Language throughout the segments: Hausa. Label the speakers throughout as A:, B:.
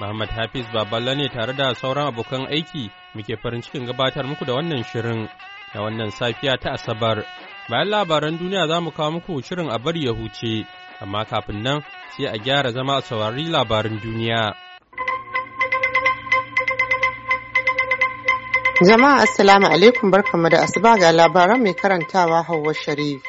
A: Muhammad Hafiz Baballa ne tare da sauran abokan aiki muke farin cikin gabatar muku da wannan shirin da wannan safiya ta Asabar. Bayan labaran duniya za mu kawo muku shirin a bari ya huce, amma kafin nan sai a gyara zama a saurari labaran duniya.
B: Jama'a Assalamu alaikum barkamu da asuba ga labaran mai karantawa Hauwa Sharif.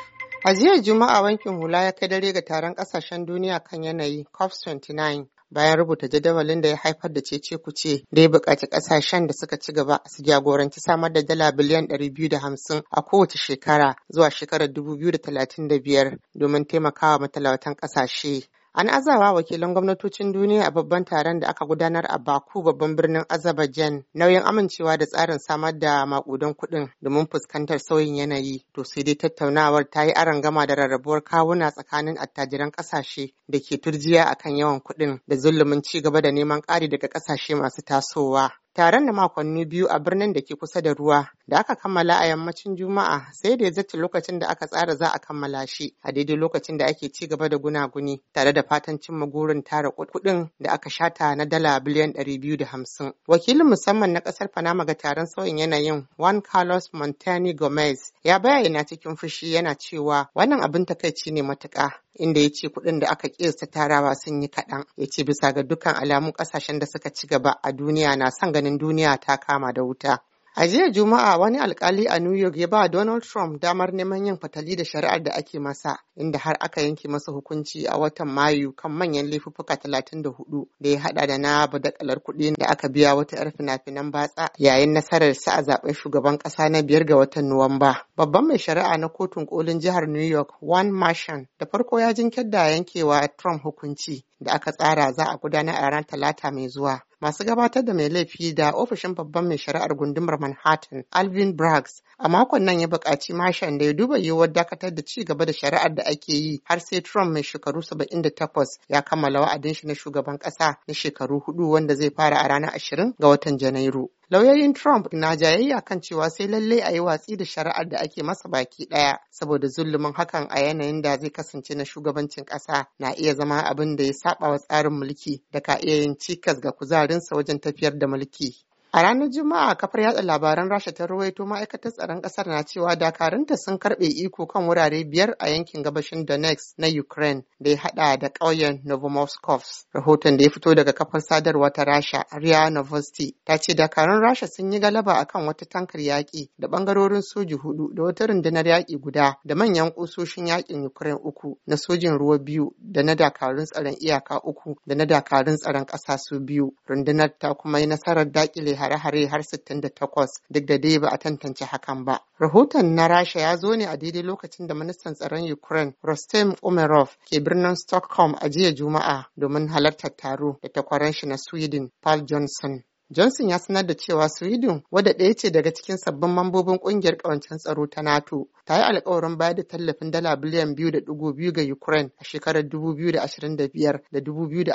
B: A jiya Juma'a wankin hula ya kai dare ga taron ƙasashen duniya kan yanayi COP29 bayan rubuta jadawalin da ya haifar da cece-kuce da ya buƙaci ƙasashen da suka ci gaba su jagoranci samar da dala biliyan hamsin a kowace shekara zuwa shekarar dubu biyu da da talatin biyar, domin taimakawa matalautan ƙasashe. An azawa wakilan gwamnatocin duniya a babban taron da aka gudanar a Baku babban birnin Azerbaijan nauyin amincewa da tsarin samar da makudan kuɗin domin fuskantar sauyin yanayi. To sai dai tattaunawar ta yi gama da rarrabuwar kawuna tsakanin attajiran ƙasashe da ke turjiya akan yawan kuɗin da zulumin ci gaba da neman ƙari daga ƙasashe masu tasowa. Taron na makonni biyu a birnin da ke kusa da ruwa da aka kammala a yammacin Juma'a sai da ya zace lokacin da aka tsara za a kammala shi a daidai lokacin da ake ci gaba da gunaguni tare da fatan cimma gurin tara kuɗin da aka shata na dala biliyan ɗari biyu da hamsin. Wakilin musamman na ƙasar Panama ga taron sauyin yanayin Juan Carlos Montani Gomez ya bayyana cikin fushi yana cewa wannan abin takaici ne matuƙa inda ya ce kuɗin da aka ƙirsa tarawa sun yi kaɗan ya ce bisa ga dukkan alamun ƙasashen da suka ci gaba a duniya na son ganin dukkanin duniya ta kama da wuta. A jiya Juma'a wani alkali a New York ya ba Donald Trump damar neman yin fatali da shari'ar da ake masa, inda har aka yanke masa hukunci a watan Mayu kan manyan laifuffuka 34 da ya hada da na badakalar kuɗi da aka biya wata 'yar fina-finan batsa yayin nasarar sa a zaɓen shugaban ƙasa na biyar ga watan Nuwamba. Babban mai shari'a na kotun kolin jihar New York, Juan Marshan, da farko ya jinkirta yankewa Trump hukunci, da aka tsara za a gudanar a ranar talata mai zuwa masu gabatar da mai laifi da ofishin babban mai shari'ar gundumar manhattan alvin braggs a makon nan ya buƙaci mashan da ya duba yiwuwar dakatar da ci gaba da shari'ar da ake yi har sai trump mai shekaru 78 ya kammala wa'adin shi na shugaban ƙasa na shekaru hudu wanda zai fara a ranar 20 ga watan janairu Lauyoyin Trump na jayayya kan cewa sai lallai a yi watsi da shari'ar da ake masa baki ɗaya saboda zulumin hakan a yanayin da zai kasance na shugabancin ƙasa na iya zama abin da ya saba wa tsarin mulki da ka iya yin cikas ga kuzarinsa wajen tafiyar da mulki. A ranar Juma'a kafar yatsa labaran Rasha ta rawaito ma'aikatar tsaron ƙasar na cewa dakarunta sun karɓe iko kan wurare biyar a yankin gabashin Donetsk na Ukraine da ya haɗa da ƙauyen Novomoskovsk. Rahoton da ya fito daga kafar sadarwa ta Rasha, Ria Novosti, ta ce dakarun Rasha sun yi galaba akan wata tankar yaƙi da ɓangarorin soji hudu da wata rundunar yaƙi guda da manyan ƙusoshin yaƙin Ukraine uku na sojin ruwa biyu da na dakarun tsaron iyaka uku da na dakarun tsaron ƙasa su biyu. Rundunar ta kuma yi nasarar daƙile hare-hare har 68 duk da dai ba a tantance hakan ba. Rahoton na Rasha ya zo ne a daidai lokacin da ministan tsaron Ukraine Rostem Umerov ke birnin Stockholm a jiya Juma'a domin halartar taro da takwaran shi na Sweden Paul Johnson. Johnson ya sanar da cewa Sweden wadda ɗaya ce daga cikin sabbin mambobin ƙungiyar ƙawancen tsaro ta NATO ta yi alkawarin bayar da tallafin dala biliyan biyu da ɗigo biyu ga Ukraine a shekarar dubu da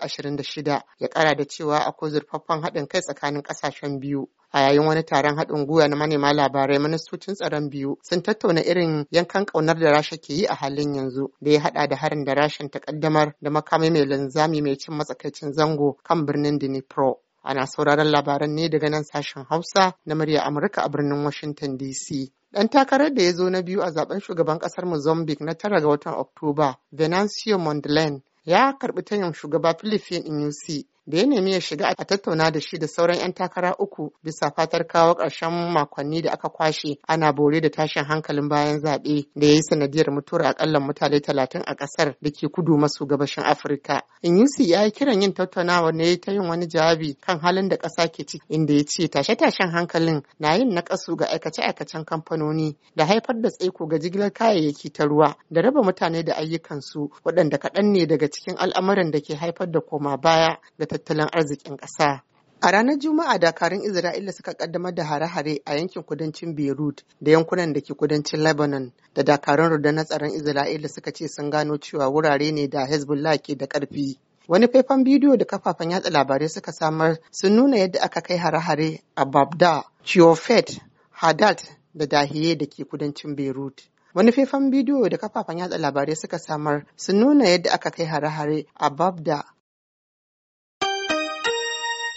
B: ashirin ya ƙara da cewa akwai zurfaffen haɗin kai tsakanin ƙasashen biyu. a yayin wani taron haɗin gwiwa na manema labarai ministocin tsaron biyu sun tattauna irin yankan ƙaunar da rasha ke yi a halin yanzu da ya haɗa da harin da rashin takaddamar da makami mai linzami mai cin matsakaicin zango kan birnin dnipro Ana sauraron labaran ne daga nan sashen Hausa na murya Amurka a birnin Washington DC. Ɗan takarar da ya zo na biyu a zaben shugaban ƙasar Mozambique na tara ga watan Oktoba, Venancio Mondlane, ya karɓi tayin shugaba Philippine Inyusi da ya nemi ya shiga a tattauna da shi da sauran 'yan takara uku bisa fatar kawo ƙarshen makonni da aka kwashe ana bore da tashin hankalin bayan zaɓe da ya yi sanadiyar mutuwar akalla mutane talatin a ƙasar da ke kudu maso gabashin afirka in inyusi ya yi kiran yin tattaunawa ne ta yin wani jawabi kan halin da ƙasa ke ciki inda ya ce tashe-tashen hankalin na yin ƙasu ga aikace-aikacen kamfanoni da haifar da tsaiko ga jigilar kayayyaki ta ruwa da raba mutane da ayyukansu waɗanda kaɗan ne daga cikin al'amuran da ke haifar da koma baya tattalin arzikin ƙasa. A ranar Juma'a dakarun Isra'ila suka kaddamar da hare-hare a yankin kudancin Beirut da yankunan da ke kudancin Lebanon da dakarun rundunar tsaron Isra'ila suka ce sun gano cewa wurare ne da Hezbollah ke da ƙarfi. Wani faifan bidiyo da kafafen yatsa labarai suka samar sun nuna yadda aka kai hare-hare a Babda, Chiofet, Hadat da Dahiye da ke kudancin Beirut. Wani faifan bidiyo da kafafen yatsa labarai suka samar sun nuna yadda aka kai hare-hare a Babda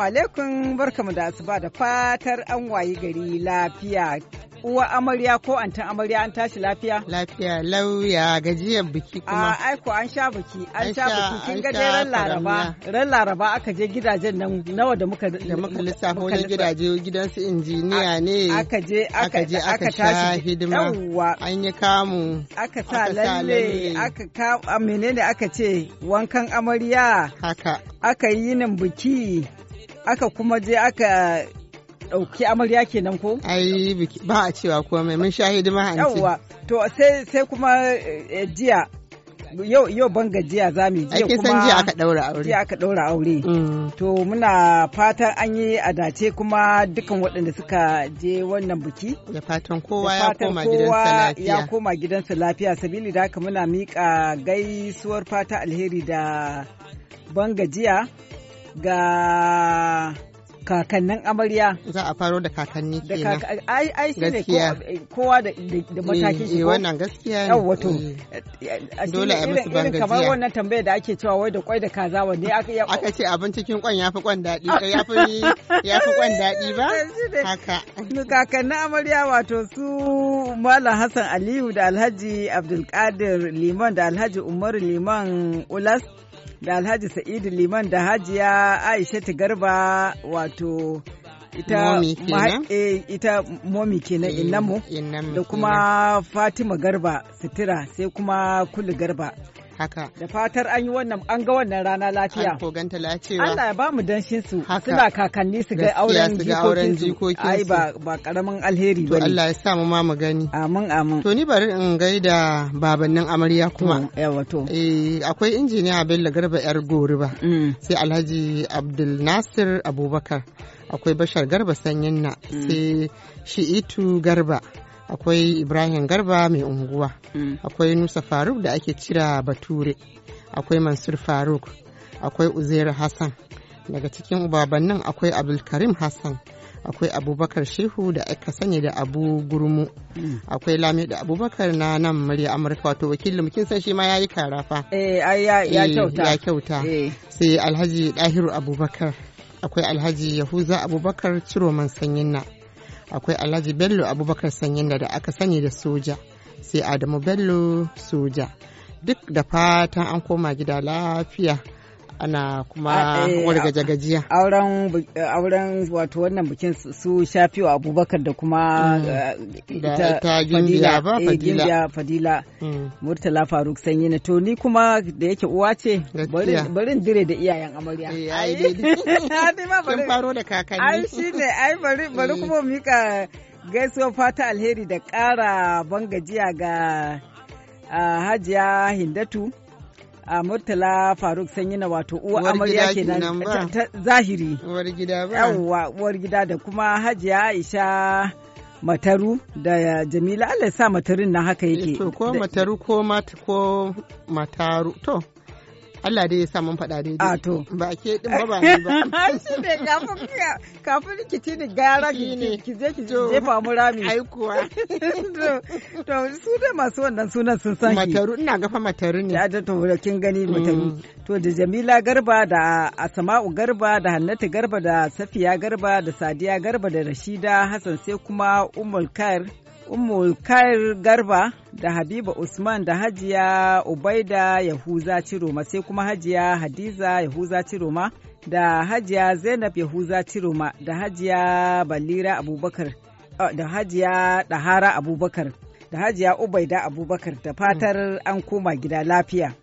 C: Assalamu alaikum barkamu da asuba da fatar an wayi gari lafiya. Uwa amarya ko antan amarya an tashi lafiya? Lafiya lauya gajiyar biki kuma. A aiko an sha biki an sha biki kin ga dai ran laraba ran laraba aka je gidajen nan nawa da muka da muka lissafa wajen gidaje
B: gidan su injiniya ne. Aka je
C: aka je aka tashi hidima. Yawwa. An yi kamu. Aka sa lalle aka ka menene aka ce wankan amarya. Haka. Aka yi yinin biki. aka kuma je aka ɗauki
B: amarya kenan ko? Ai ba a cewa komai mun sha hidima hanci. Yawwa
C: to sai sai kuma eh, jiya yau yau ban gajiya za mu jiya kuma san jiya aka
B: daura aure jiya
C: aka daura aure mm. to muna fatan an yi adace kuma dukan waɗanda suka je wannan biki da fatan kowa ya koma gidansa lafiya ya koma gidansa lafiya sabili da haka muna miƙa gaisuwar fata alheri da ban gajiya ga kakannin amarya za a faro da
B: kakanni kenan
C: ai ai shine eh, kowa da da matakin shi eh, eh, wannan gaskiya
B: ne
C: dole a musu bangajiya kamar wannan tambaya da ake cewa wai da kwai da kaza wanne aka ya aka ce abin cikin kwan yafi kwan dadi ba haka amarya wato su malam Hassan Aliyu da Alhaji Abdulkadir Liman da Alhaji Umaru Liman Ulas da Alhaji Sa'idu Liman da Hajiya Aisha Garba wato ita eh, ita momi kenan eh, innamu da kuma Fatima Garba Sitira sai kuma Kulu Garba. haka da fatar an yi wannan an ga wannan rana lafiya ko
B: ganta lafiya Allah ya
C: ba mu danshin su suna kakanni su ga auren jikokin ai ba
B: ba karaman alheri bane to Allah ya sa mu ma mu gani amin amin to ni bari in gaida babannin amarya kuma yawa to eh akwai injiniya Bello Garba yar Goriba mm. sai Alhaji Abdul Nasir Abubakar akwai Bashar Garba Sanyin na mm. sai Shi'itu Garba akwai ibrahim garba mai unguwa mm. akwai nusa faruk da ake cira bature akwai mansur faruk akwai uzair hassan daga cikin ubabannin akwai abdulkarim hassan akwai abubakar shehu da aka sani da abu gurmu mm. akwai lami da abubakar na nan murya amurka wato wakilin mukin san shi ma ya yi karafa
C: eh, eh, ya kyauta eh.
B: sai alhaji dahiru abubakar akwai alhaji yahuza abubakar ciroman sanyin na akwai alhaji bello abubakar sanyin da aka sani da soja sai adamu bello soja duk da fatan an koma gida lafiya ana kuma eh, wargaje gajiya
C: eh, auren wato wannan bikin su wa abubakar da kuma mm. eh,
B: ita fadila ba fadila
C: fadila mm. murtala faruk sanyi na to ni kuma da yake uwa ce barin dire da iyayen amarya ai dai faro da kakanni ai shine ai bari bari kuma mika gaisuwa fata alheri da ƙara ban gajiya ga ah, hajiya hindatu a murtala faruk sanyi na wato uwa amarya kenan zahiri uwar gida ba yawwa uwar gida da kuma hajiya aisha mataru da jamila allah sa matarin na haka yake eh, to ko mataru
B: ko mataru to Allah dai ya sa mun faɗa daidai. A ah, to. Ba ke din ba ba ba.
C: Shi ne kafin kafin ki tini gara ki je ki fa mu rami.
B: Ai kuwa.
C: To su da masu wannan sunan
D: sun san Mataru
C: ina fa mataru ne. Ya da to kin gani mm. mataru. To da Jamila Garba da Asma'u Garba da Hannatu Garba da Safiya Garba da Sadiya Garba da Rashida Hassan sai kuma Ummul Kar. Ummu Kair Garba da Habiba Usman da Hajiya Ubaida Yahuza Ciroma sai kuma Hajiya Hadiza Yahuza Ciroma da Hajiya Zainab Yahuza Ciroma da Hajiya Balira Abubakar da Hajiya Dahara Abubakar da Hajiya Ubaida Abubakar da fatar an koma gida lafiya.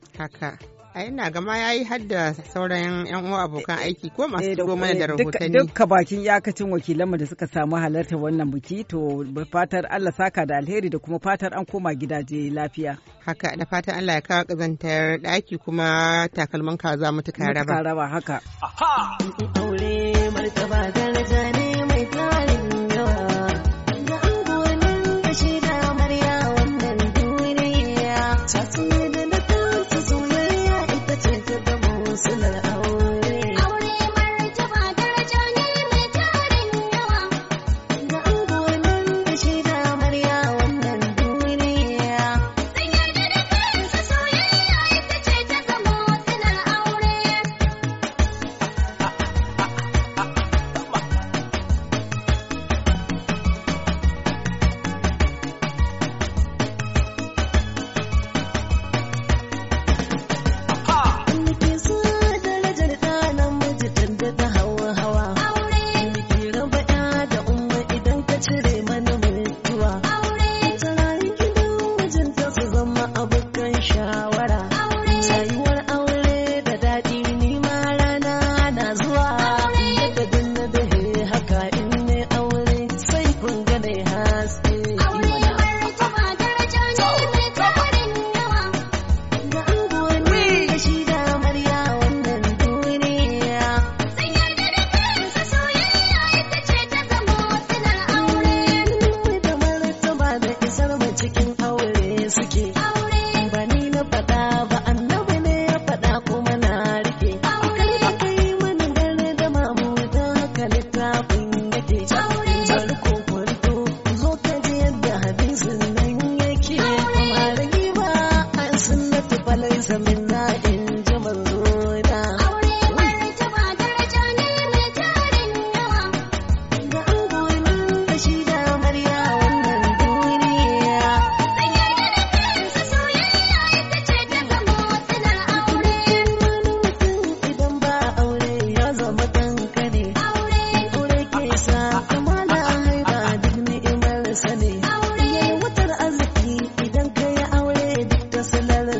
B: a ina gama ya yi hadda sauran yan uwa abokan aiki ko masu tuko eh, mana da rahotanni dukka
C: bakin yakacin wakilanmu da suka samu halartar wannan biki to fatar Allah saka da alheri da kuma fatar an koma gidaje lafiya
B: haka da fatan Allah ya kawo kazantar daki kuma takalman kaza za mu tuka raba
E: haka aha aure martaba daraja ne mai tsari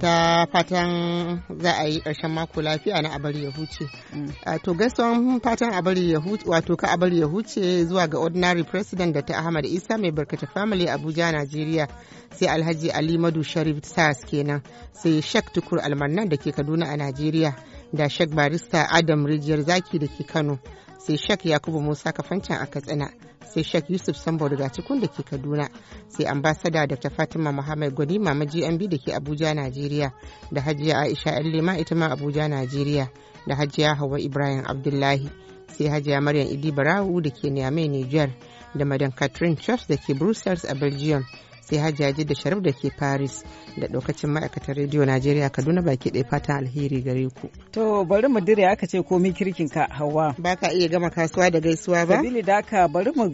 B: ta fatan za a yi ƙarshen mako lafiya na abar ya huce. Mm. To gaisuwan fatan abar ya huce wato ka abar ya huce zuwa ga ordinary president da ta Ahmad Isa mai barkata family Abuja Najeriya sai Alhaji Ali Madu Sharif Sars kenan sai Shek Tukur Almannan da ke Kaduna a Najeriya da Shek Barista Adam Rijiyar Zaki da ke Kano sai Shek Yakubu Musa Kafancan a Katsina. sai Sheikh Yusuf Sambo daga cikin da ke Kaduna, sai ambasada Dr. Fatima Muhammad Gwani Mama GMB da ke Abuja, Najeriya, da Hajiya Aisha lema ita ma Abuja, Najeriya, da Hajiya Hawa Ibrahim Abdullahi, sai Hajiya Maryam Idi Barawu da ke Niamey, Niger, da Madam Catherine Church da ke Brussels a Belgium. sai hajjaji da sharif da ke paris da daukacin ma'aikatar rediyo najeriya kaduna baki ɗaya fatan alheri gare ku
C: to bari mu dire aka ce komi kirkin ka hawa ba ka
B: iya gama kasuwa da gaisuwa ba sabili
C: da ka bari mu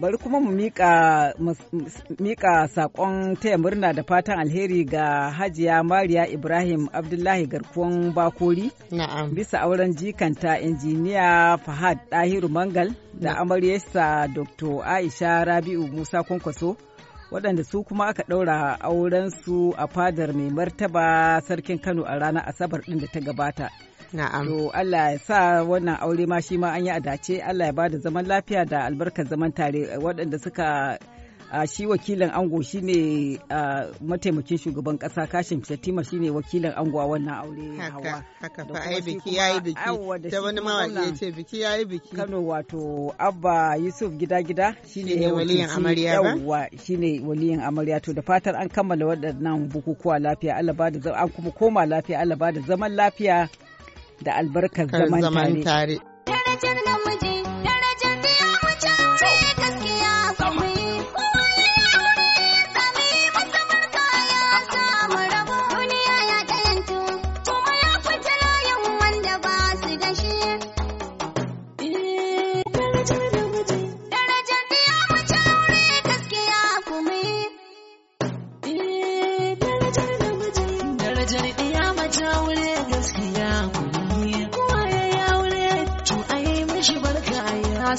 C: bari kuma mu mika mika sakon taya murna da fatan alheri ga hajiya mariya ibrahim abdullahi garkuwan bakori na'am bisa auren jikanta injiniya fahad dahiru mangal da amaryarsa dr aisha rabi'u musa kwankwaso waɗanda su kuma aka ɗaura aurensu a fadar mai martaba sarkin kano a ranar asabar ɗin da ta gabata Na'am. To Allah ya sa wannan aure ma shi ma an yi a dace Allah ya bada zaman lafiya da albarkar zaman tare waɗanda suka a shi wakilin ango shine mataimakin shugaban kasa kashin shatima shine wakilin ango a wannan aure hawa haka
B: fa ai biki yayi biki da wani mawaki ya ce biki yayi
C: biki Kano wato Abba Yusuf gida gida shine ne waliyin amarya ba yawa shine waliyin amarya to da fatar an kammala waɗannan bukukuwa lafiya Allah ba da an kuma koma lafiya Allah ba da zaman lafiya da albarkar zaman tare.
D: Zaman tare.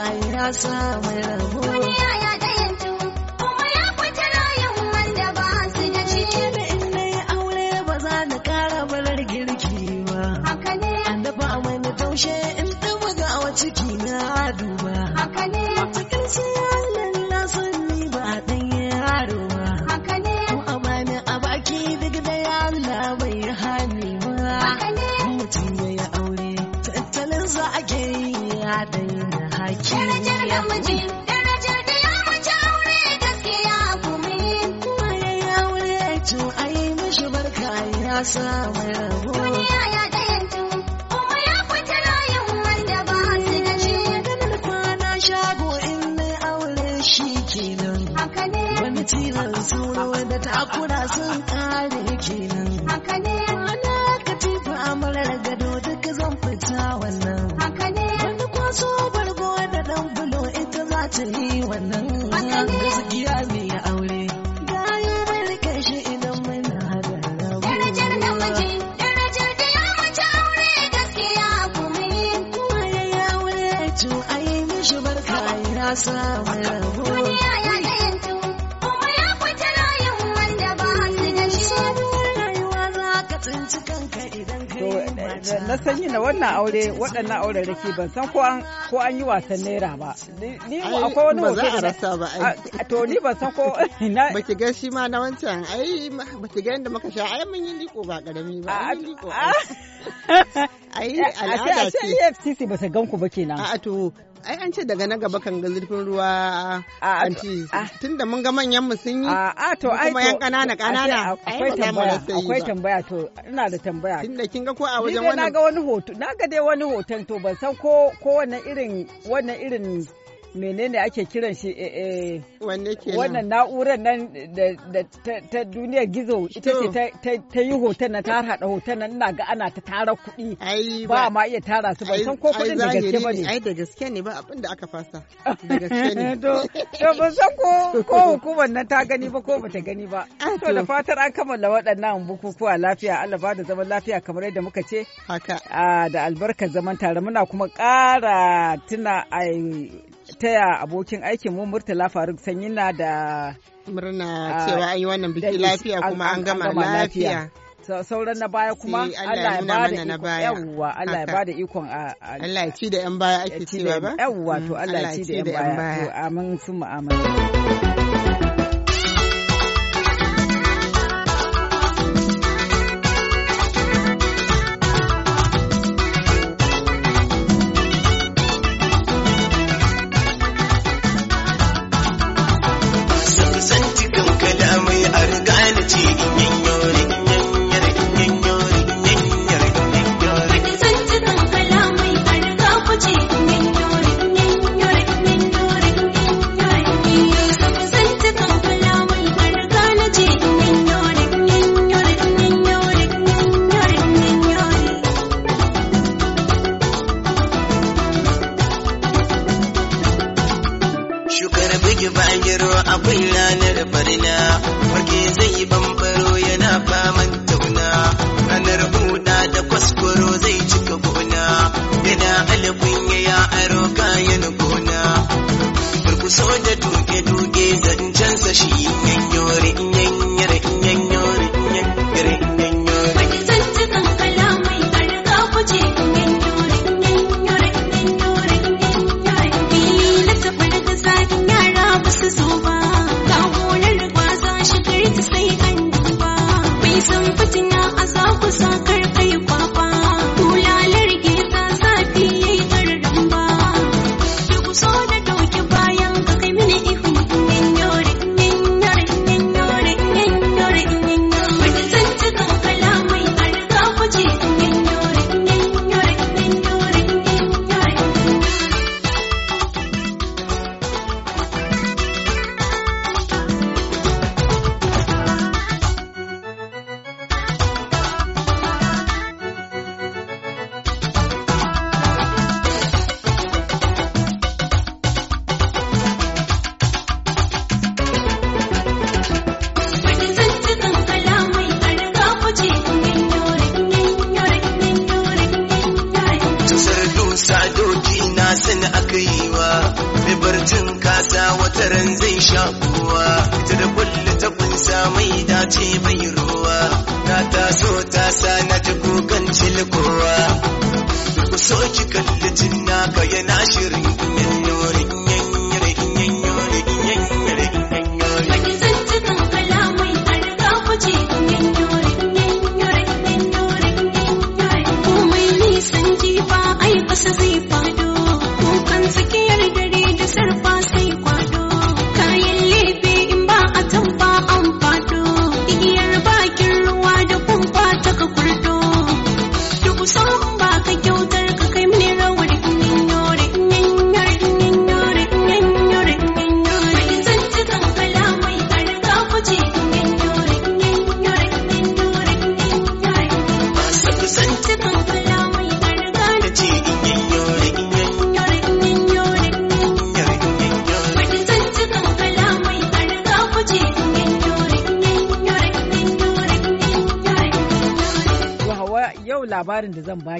E: Allah ya sa ya samu rabo. Duniya ya ɗayantu, kuma ya kwanta layin wanda ba su da shi. Maganar kwana shago in na aure shi kenan. Wani tilar sauro da takura sun kare kenan. Haka ne. Wani katifa amarar gado duka zan fita wannan. Haka ne. Wani kwaso bargo da ɗan bulo ita za ta yi wannan. Haka ne. Gaskiya ne. na san kuma ya yi
C: Na wannan aure waɗannan aure rake ban san ko an yi wasan naira ba.
E: Ni akwai wani hoto. Ba za a rasa
C: ba ai. To ni ban san ko.
B: Ba ki ga shi ma na wancan ai ba ki ga da muka sha ai mun yi liko ba ƙarami ba. Mun yi liko. Ai al'ada ce. A ce EFCC ba su gan ku ba kenan. A to ai an ce daga na gaba kan ga zurfin ruwa anti da mun ga manyan mu sun yi a to ai kuma yan kanana kanana akwai tambaya akwai tambaya to
C: ina da tambaya tunda
B: kin ga ko a wajen wannan na ga
C: wani hoto na ga dai wani hoton to ban san ko ko wannan irin wannan irin menene ake kiran shi eh, eh, wannan na'urar nan ta duniyar gizo ita ce ta yi hoton na ta haɗa hoton nan ina ga ana ta tara kuɗi ba ma iya tara su ba san ko kuɗin da gaske ba ne ai da gaske ne ba abin da aka fasa da gaske ne to san ko ko hukumar nan ta gani ba ko bata gani ba ah, to da fatar an kammala waɗannan bukukuwa lafiya Allah ba da zaman lafiya kamar yadda muka ce haka ah, da albarkar zaman tare muna kuma ƙara tuna a taya abokin aikin mu Murtala Faruk Sanyina da
B: murna ah, cewa an yi wannan biki lafiya kuma an gama lafiya.
C: sauran na baya kuma eh, Allah ya bada na baya yawwa Allah ya bada
B: ikon a Allah ya ci da yan baya
C: ake cewa ba yawwa to mm, Allah ya ci da yan baya to amin sun mu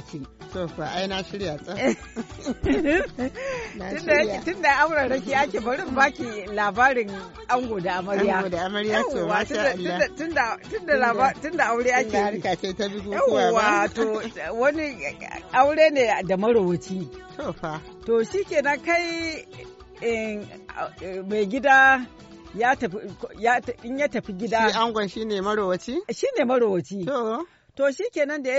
C: baki to fa ai na shirya tsaf tunda amurar raki ake bari baki labarin ango da amarya ango da amarya to masha Allah Tun da aure ake Tun da harka ce ta bigo kowa ba to wani aure ne da marowaci to fa to shikenan kai eh, mai gida ya tafi in ya tafi gida shi angon shi ne marowaci Shi ne marowaci to To shi kenan da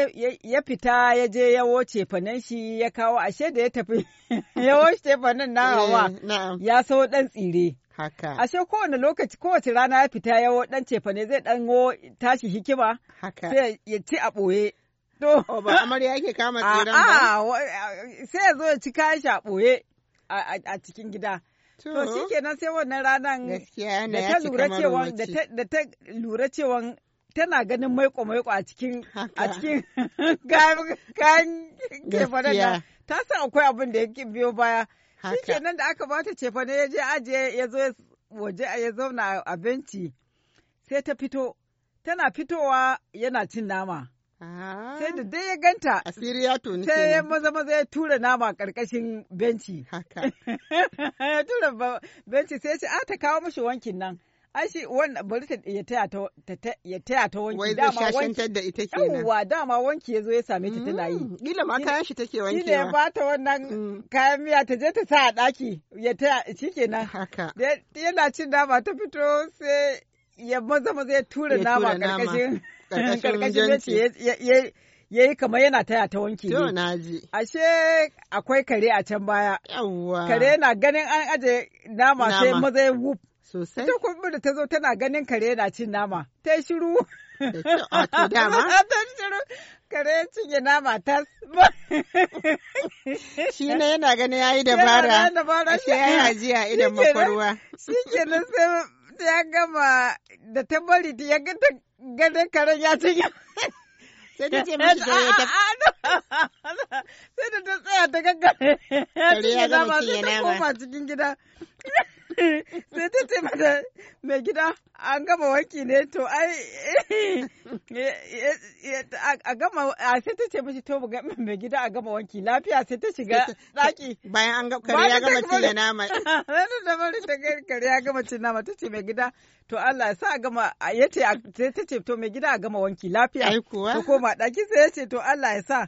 C: ya fita ya je ya woce fanan shi ya kawo ashe da ya tafi ya woce fanan na hawa eh, ya sau dan tsire. Haka. Ashe kowane lokaci kowace rana ya fita ya dan cefane zai dan tashi hikima. Haka. Sai ya ci a ɓoye. To. Oh, ba amarya yake kama tsiran ba. Sai ya zo ya ci kashi shi a ɓoye a cikin gida. To shi kenan sai wannan ranar da ta lura cewa tana ganin maiko maiko a cikin a cikin kayan kefanen da ta san akwai abin da yake biyo baya shi nan da aka bata cefane ya je ajiye ya zo waje ya zauna a benci sai ta fito tana fitowa yana cin nama
E: ah. sai da
C: dai ya ganta sai ya maza maza ya tura nama karkashin benci ya tura benci sai ya ce a ah, ta kawo mashi wankin nan ai shi wannan bari ta ya taya ta ya taya ta wanki wai dama wanki da ita kenan yawa dama wanki yazo ya same ta tana yi mm, kila ma kayan shi take wankewa kila ya bata wannan mm. kayan miya ta je ta sa a daki ya taya shikenan haka yana cin dama ta fito sai ya maza maza ya tura nama karkashin karkashin ya ya yi kamar yana taya ta wanki ne. na ji. Ashe akwai kare a can baya.
B: Yawwa. Kare
C: na ganin an aje nama sai maza ya wuf Sosai. Ta kuma da ta zo tana ganin kare na cin nama. Ta shiru. A ah, to dama? Ta shiru. Kare cinye nama ta. Shi ne yana ganin ya yi dabara. Yana dabara. Ashe ya yi hajiya idan makwarwa. Shi ke nan sai ya gama da ta bari ya ganta ta ganin karen ya cinye. sai ta ce mashi kare ah, ta
D: ah, sai da ta
C: tsaya ta gaggare kare ya gama sai ta koma cikin gida Eh, sai ta ce mata mai gida an gama wanki ne to ai eh, eh, a gama a sai ta ce mishi to mai gida a gama wanki lafiya sai ta shiga daki bayan
B: an gama kare ya gama cin nama ranar
C: da bari ta kare ya gama cin nama ta ce mai gida to Allah sa a gama ya ce ta ce to mai gida a gama wanki lafiya ai kuwa ta koma daki sai ya ce to Allah ya sa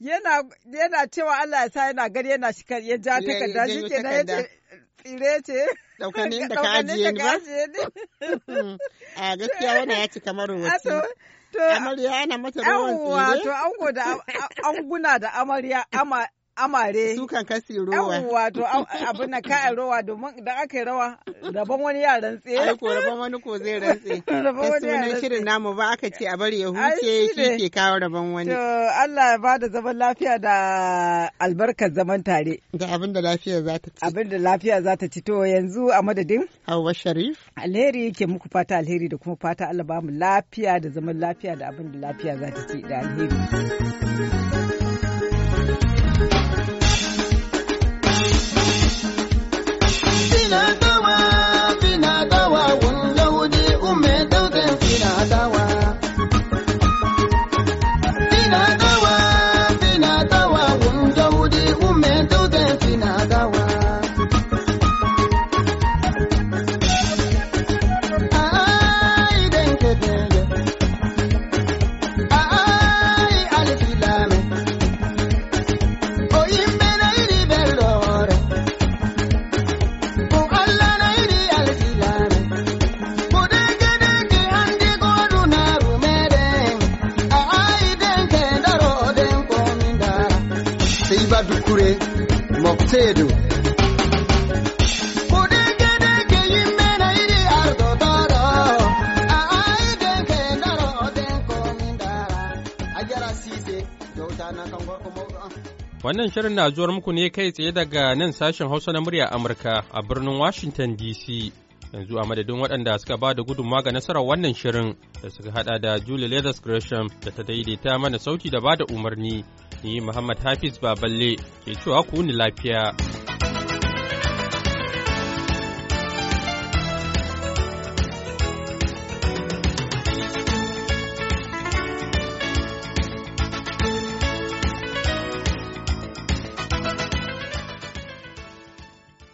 C: yana cewa Allah ya sa yana gari yana shikar ya ja takarda shi ke na yace tsire ce daukanin da ka ajiye ni ba
B: a gaskiya wani ya ci kamar wasu
C: amarya ana mata rawan tsire to ango da da amarya ama amare su kan kasi rowa wato to abin na ka rowa domin idan aka yi rawa rabon wani ya rantse ai ko rabon
B: wani ko zai rantse rabon wani ya rantse shirin namu ba aka ce a bari ya huce kike kawo rabon wani to
C: Allah ya bada zaman lafiya da albarkar zaman tare da abin da lafiya za ta ci abin da lafiya za ta ci to yanzu a madadin
B: Hauwa Sharif
C: alheri yake muku fata alheri da kuma fata Allah ba mu lafiya da zaman lafiya da abin da lafiya za ta ci da
D: alheri Santa
B: cedo.
A: Wannan shirin na zuwar muku ne kai tsaye daga nan sashen Hausa na murya Amurka a birnin Washington DC. Yanzu a madadin waɗanda suka ba da gudunmawa ga nasarar wannan shirin da suka hada da Julie Leathers Gresham da ta daidaita mana sauti da ba da umarni. Ni Muhammad Hafiz Baballe ke cewa ku ni lafiya.